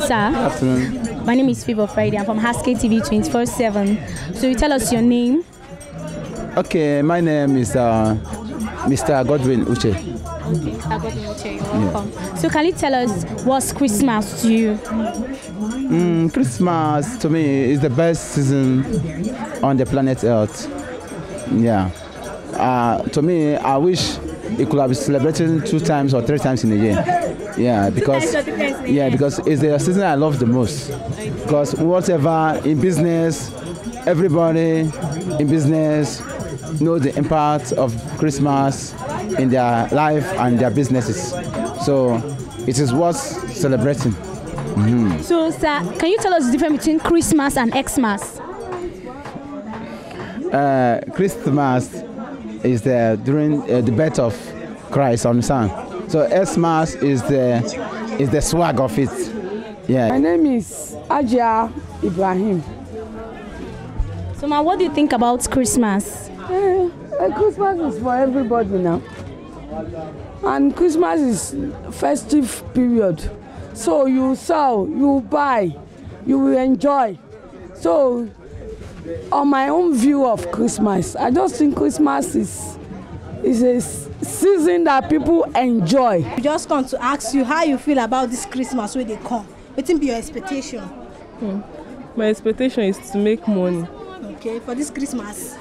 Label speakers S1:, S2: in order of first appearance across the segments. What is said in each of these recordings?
S1: sir. Good
S2: afternoon.
S1: My name is Favor Friday. I'm from Haskell TV 24 7. So you tell us your name.
S2: Okay, my name is uh, Mr. Godwin Uche.
S1: Mr. Godwin Uche, you're welcome. So can you tell us what's Christmas to you?
S2: Mm, Christmas to me is the best season on the planet Earth. Yeah. Uh, to me, I wish it could have been celebrated two times or three times in a year. Yeah, because yeah, because it's the season I love the most. Because whatever in business, everybody in business knows the impact of Christmas in their life and their businesses. So it is worth celebrating. Mm -hmm.
S1: So, sir, can you tell us the difference between Christmas and Xmas?
S2: Uh, Christmas is the, during uh, the birth of Christ on the sun. So S-Mass is the is the swag of it. Yeah. My name is Ajia Ibrahim.
S1: So, ma, what do you think about Christmas?
S3: Uh, Christmas is for everybody now, and Christmas is festive period. So you sell, you buy, you will enjoy. So, on my own view of Christmas, I just think Christmas is is a season that people enjoy. we just come to ask you how you feel about this christmas when they come wetin be your expectation. Hmm.
S4: my expectation is to make money.
S3: okay for this christmas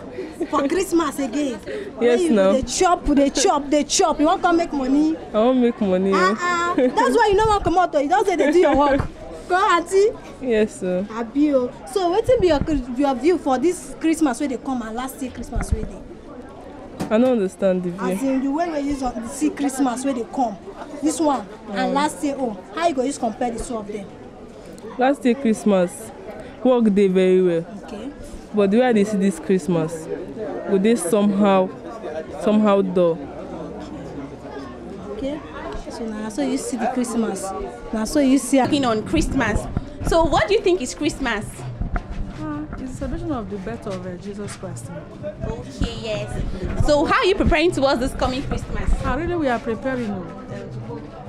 S3: for christmas again. yes now they chop they chop they chop you wan come make money.
S4: i wan make money. Oh. ah
S3: ah that's why you no wan comot o oh. you don't say they do your work. go auntie.
S4: yes sir.
S3: Oh. abi So, what will be your your view for this christmas wey they come and last year christmas wey they?
S4: I don't understand the view. As
S3: in the way we use on, see Christmas where they come. This one mm. and last year oh. How you go use compare the two of them?
S4: Last year Christmas work day very well. Okay. But where they see this Christmas Would dey somehow somehow dull.
S3: Okay. So now, so you see the Christmas. Now, so you see. Working on Christmas. So what do you think is Christmas? celebration of the birth of uh, Jesus Christ. Okay, yes. So, how are you preparing towards this coming Christmas? Uh, really, we are preparing. Oh.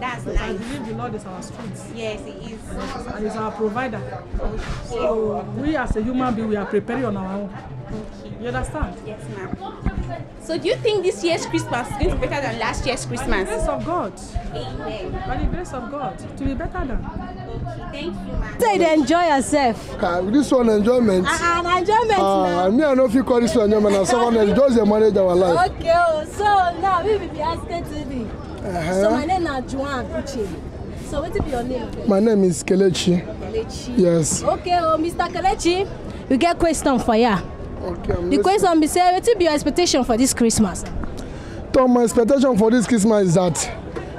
S3: That's yes, nice. I believe the Lord is our strength. Yes, He is. and He's our provider. Okay. So we as a human being, we are preparing on our own. Okay. You understand? Yes, ma'am. So do you think this year's Christmas is going to be better than last year's Christmas? By the grace of God. Amen. By the grace of God, to be better than. thank you,
S5: ma'am. Say they enjoy yourself. Uh, this one enjoyment. Uh, ah,
S3: an ah, enjoyment uh, now. me,
S5: I know if you call this one enjoyment. Someone enjoys the marriage our life.
S3: Okay, oh, so now we will be asking be.
S5: Uh -huh. So my
S3: name is Juan Uche. So what is your name? My
S5: name is Kelechi. Kelechi. Yes.
S3: Okay, oh, Mr. Kelechi,
S5: we get question for you.
S3: Okay, I'm the question be say, what be your expectation for this Christmas?
S5: So my expectation for this Christmas is that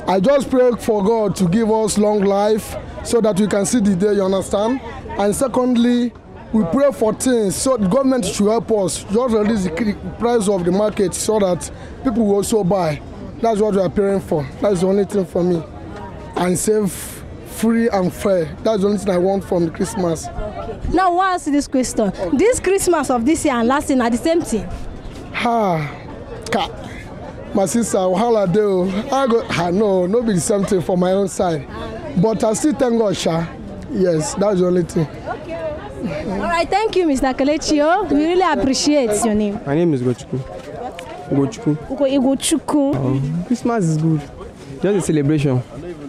S5: I just pray for God to give us long life so that we can see the day, you understand? And secondly, we pray for things so the government should help us just release the price of the market so that people will also buy. That's what we are praying for. That's the only thing for me. And save free and fair. That's the only thing I want from Christmas.
S3: Now, why ask this question? Okay. This Christmas of this year and last year are the same thing.
S5: Ha, ka. My sister, how I do. I go, ha, no, no be the same thing for my own side. But I still thank God, Sha. Yes, that's the only thing. Okay.
S3: All right, thank you, Mr. Kalechio. We really appreciate your name.
S2: My name is Gochuku. Ugochukwu.
S3: Ugochukwu. Um,
S2: oh, Christmas is good. Just a celebration.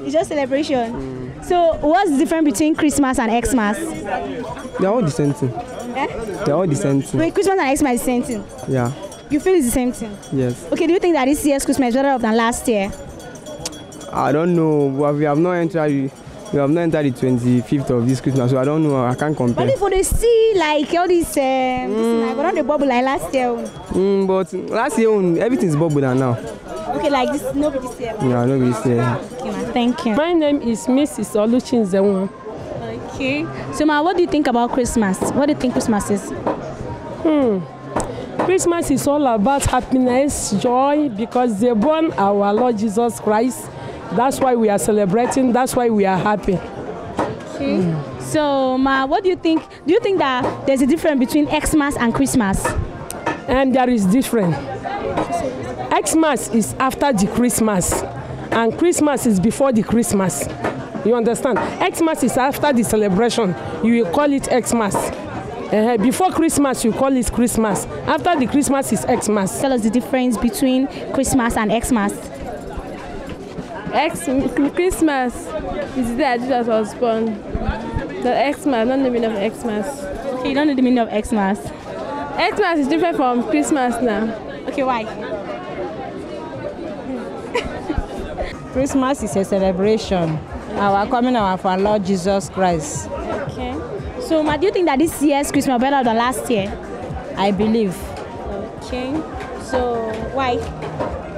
S1: It's just celebration. Mm. So what's the difference between Christmas and Xmas? They
S2: are all the same thing. Eh? They are all the same thing. Wait,
S1: Christmas and Xmas is the same thing? Yeah. You feel it's the same thing? Yes. Okay, do you think that this year's Christmas is better than last year?
S2: I don't know, but we have not entered we have not entered the twenty-fifth of this Christmas so I don't know I can't compare. But if
S1: we see like all this um, mm. this like we don dey bubble like last year. Oh.
S2: Mm, but last year on everything's bubble now.
S1: Okay, like this nobody here.
S2: Right? Yeah, nobody's here.
S1: Okay, Thank you. My name is Mrs. Oluchin Zewan. Okay. So ma, what do you think about Christmas? What do you think Christmas is? Hmm.
S4: Christmas is all about happiness, joy, because they born our Lord Jesus Christ. That's why we are celebrating. That's why we are happy. Okay.
S1: Mm. So, Ma, what do you think? Do you think that there's a difference between Xmas and Christmas?
S4: and there is different. Xmas is after the Christmas, and Christmas is before the Christmas. You understand? Xmas is after the celebration. You will call it Xmas. Uh, before Christmas, you call it Christmas.
S1: After the Christmas is Xmas. Tell us the difference between Christmas and Xmas.
S3: X Christmas is the day that Jesus was born. The Xmas, not the meaning of Xmas. Okay, you don't know the meaning of Xmas. Xmas is different from Christmas now.
S1: Okay, why? Christmas is a celebration. Our coming out of our Lord Jesus Christ. Okay. So, ma, do you think that this year's Christmas better than last year? I believe. Okay. So, why?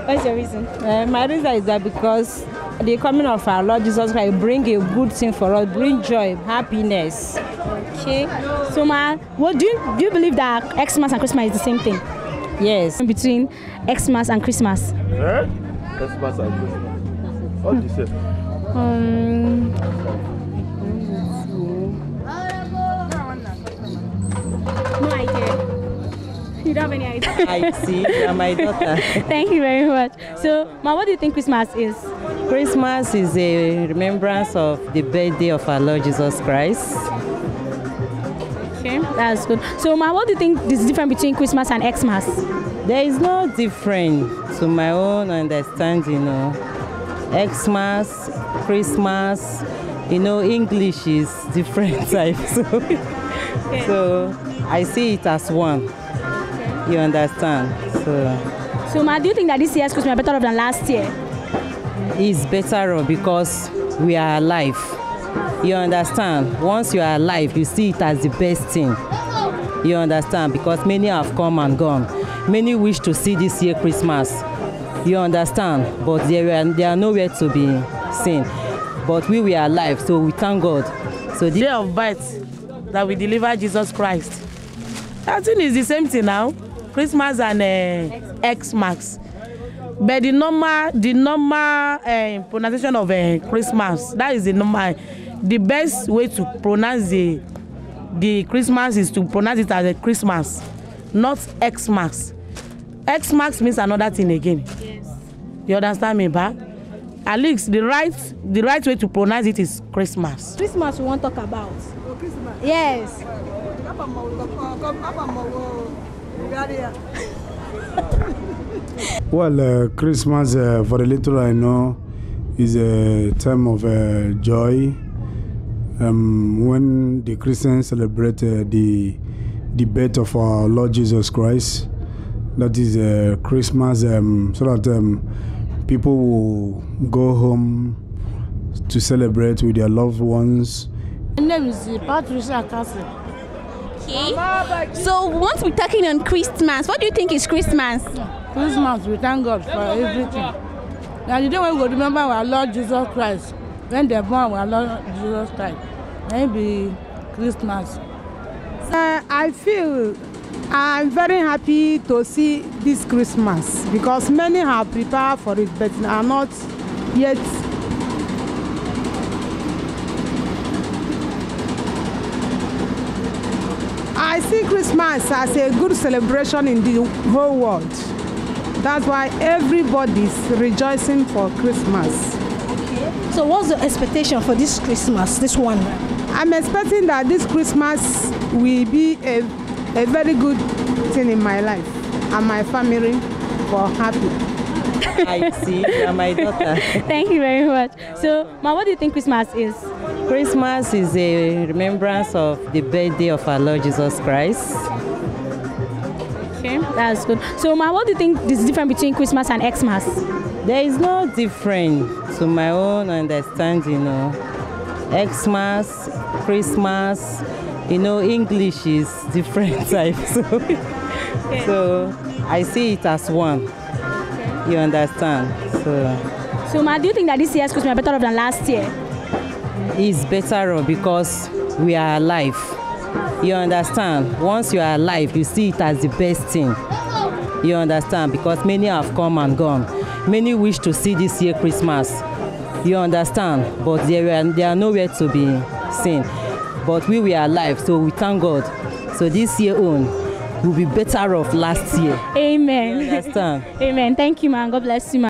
S1: What's your reason? Uh, my reason is that because the coming of our Lord Jesus Christ bring a good thing for us, bring joy, happiness. Okay. So, ma, well, do you, do you believe that Xmas and Christmas is the same thing? Yes. Between Xmas and Christmas.
S5: Eh? Xmas and Christmas. All you say?
S4: Um,
S1: You don't have any idea. I see. You're
S4: my daughter.
S1: Thank you very much. so, Ma, what do you think Christmas is?
S4: Christmas is a remembrance of the birthday of our Lord Jesus Christ.
S1: Okay, that's good. So, Ma, what do you think is different between Christmas and Xmas?
S4: There is no difference to my own understanding. You know. Xmas, Christmas, you know, English is different type. So, okay. so I see it as one. You understand? So. So,
S1: ma, do you think that this year's Christmas is better off than last year?
S4: It's better off because we are alive. You understand? Once you are alive, you see it as the best thing. You understand? Because many have come and gone. Many wish to see this year Christmas. You understand? But they, are they are nowhere to be seen. But we we are alive, so we thank God. So the day of birth that we deliver Jesus Christ, that thing is the same thing now. Christmas and uh, X But the normal, the normal uh, pronunciation of uh, Christmas, that is the normal. The best way to pronounce the the Christmas is to pronounce it as a Christmas, not Xmas. Xmas means another thing again. Yes. You understand me, ba? At least the right the right way to pronounce it is Christmas.
S3: Christmas we wan talk about. Oh, Christmas. Yes.
S5: well, uh, Christmas uh, for the little I know is a time of uh, joy. Um, when the Christians celebrate uh, the the birth of our Lord Jesus Christ, that is uh, Christmas, um, so that um, people will go home to celebrate with their loved ones.
S3: My name is Patricia Castle. Okay. So once we're talking on Christmas, what do you think is Christmas? Christmas, we thank God for
S5: everything.
S3: Now the day when we remember our Lord Jesus Christ, when they born our Lord Jesus Christ,
S4: maybe Christmas. Uh, I feel I'm very happy to see this Christmas because many have prepared for it but are not yet I see Christmas as a good celebration in the whole world. That's why everybody's rejoicing
S3: for Christmas. Okay. So what's the expectation for this Christmas, this one? I'm expecting that this Christmas will be a, a very good
S4: thing in my life and my family for happy. I see, you are my daughter.
S1: Thank you very much. so, Ma, what do you think Christmas is?
S4: Christmas is a remembrance of the birthday of our Lord Jesus Christ.
S1: Okay, that's good. So, Ma, what do you think is different between Christmas and Xmas?
S4: There is no difference to my own understanding. You know. Xmas, Christmas, you know, English is different types. So, okay. so I see it as one. Okay. You understand? So, so
S1: Ma, do you think that this year's Christmas
S4: is better than last year? is better off because we are alive you understand once you are alive you see it as the best thing you understand because many have come and gone many wish to see this year christmas you understand but they are there are nowhere to be seen but we are alive so we thank god so this year own will be better off last year.
S1: amen you understand. amen thank you man god bless you man.